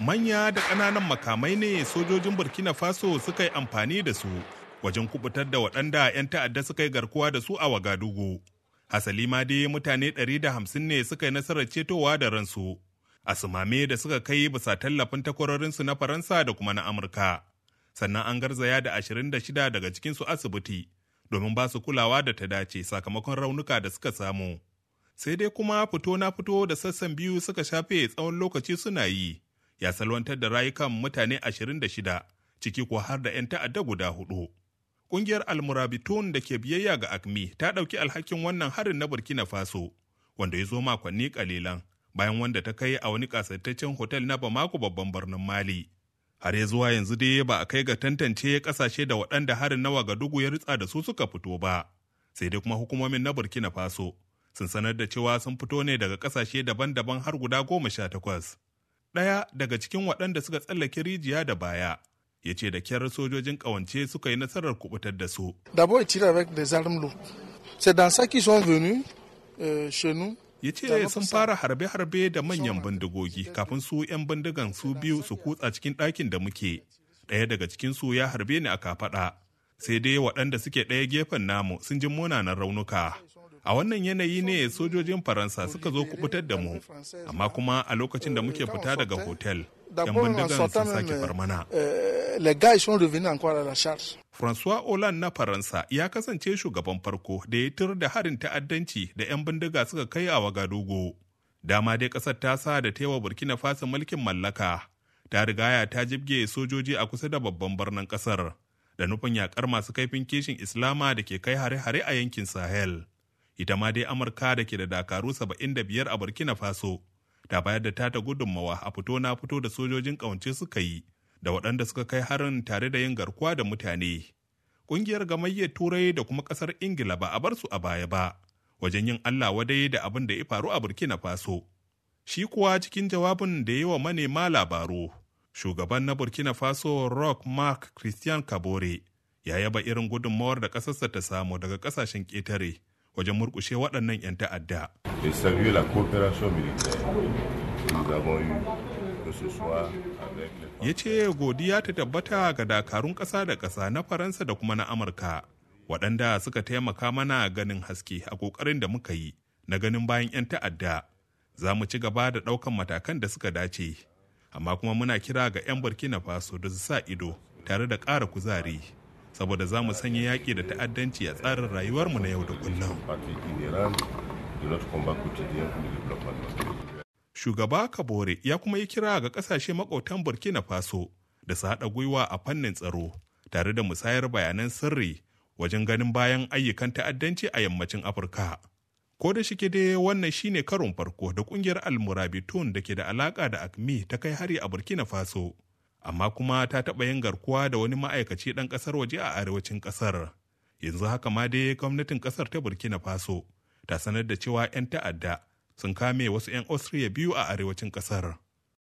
manya da ƙananan makamai ne sojojin burkina faso suka yi amfani da su wajen kubutar da waɗanda 'yan ta'adda suka yi garkuwa da su a wagadugu hasali ma dai mutane 150 ne suka yi nasarar cetowa da ransu a asumame da suka kai bisa tallafin takwarorinsu na faransa da kuma na amurka sannan an garzaya da 26 daga cikinsu asibiti domin ba su kulawa da ta dace sakamakon raunuka da suka samu sai dai kuma fito na fito da sassan biyu suka shafe tsawon lokaci suna yi ya salwantar da rayukan mutane 26 ciki ko har da 'yan ta'adda guda hudu. Ƙungiyar almurabitun da ke biyayya ga akmi e ta ɗauki alhakin wannan harin na burkina faso wanda ya zo makonni kalilan bayan wanda ta kai a wani ƙasaitaccen hotel na bamako babban birnin mali har ya zuwa yanzu dai ba a kai ga tantance ƙasashe da waɗanda harin na wagadugu ya ritsa da su suka fito ba sai dai kuma hukumomin na burkina faso sun sanar da cewa sun fito ne daga ƙasashe daban-daban har guda goma sha takwas ɗaya daga cikin waɗanda suka tsallake rijiya da baya ya ce da kyar sojojin ƙawance suka yi nasarar kubutar da su. Euh, ya ce sun fara harbe-harbe da manyan bindigogi kafin su 'yan bindigan su biyu su kutsa cikin ɗakin da muke ɗaya daga cikin su ya harbe ni a kafaɗa sai dai waɗanda suke ɗaya gefen namu sun ji munanan raunuka a wannan yanayi ne sojojin faransa suka zo kubutar da mu amma kuma a lokacin da muke fita daga hotel yan bindigan sun sake farmana euh, francois Hollande na Faransa ya kasance shugaban farko da ya tur da harin ta'addanci da 'yan bindiga suka kai a Wagadugo. Dama dai kasar ta sa da taiwa Burkina Faso mulkin mallaka. Ta rigaya ta jibge sojoji a kusa da babban birnin kasar da nufin yakar masu kaifin kishin Islama da ke kai hare-hare a yankin Sahel. ita ma dai amurka da ke da dakaru saba'in 75 a burkina faso ta bayar da tata gudunmawa a fito na fito da sojojin ƙawance suka yi da waɗanda suka kai harin tare da yin garkuwa da mutane ƙungiyar gamayyar turai da kuma ƙasar ingila ba a bar su a baya ba wajen yin allah wadai da abin da ya faru a burkina faso shi kuwa cikin jawabin da ya yi wa manema labaru shugaban na burkina faso rock mark christian kabore ya yaba irin gudunmawar da ƙasarsa ta samu daga ƙasashen ƙetare wajen murkushe waɗannan 'yan ta'adda. ya ce godiya ta tabbata ga dakarun ƙasa da ƙasa na faransa da kuma na amurka waɗanda suka taimaka mana ganin haske a ƙoƙarin da muka yi na ganin bayan 'yan ta'adda za mu ci gaba da ɗaukan matakan da suka dace amma kuma muna kira ga 'yan burkina faso da su sa ido tare da ƙara kuzari saboda za mu sanya yaƙi da ta'addanci a tsarin rayuwarmu na yau da kullum. Shugaba Kabore ya kuma yi kira ga ƙasashe maƙotan Burkina Faso da su haɗa gwiwa a fannin tsaro tare da musayar bayanan sirri wajen ganin bayan ayyukan ta'addanci a yammacin Afirka. Ko da shike dai wannan shine karon farko da kungiyar almurabitun da ke da alaka da akmi ta kai hari a Burkina Faso. amma kuma ta taɓa yin garkuwa da wani ma'aikaci ɗan ƙasar waje a arewacin ƙasar yanzu haka ma dai gwamnatin ƙasar ta burkina faso ta sanar da cewa 'yan ta'adda sun kame wasu 'yan austria biyu a arewacin ƙasar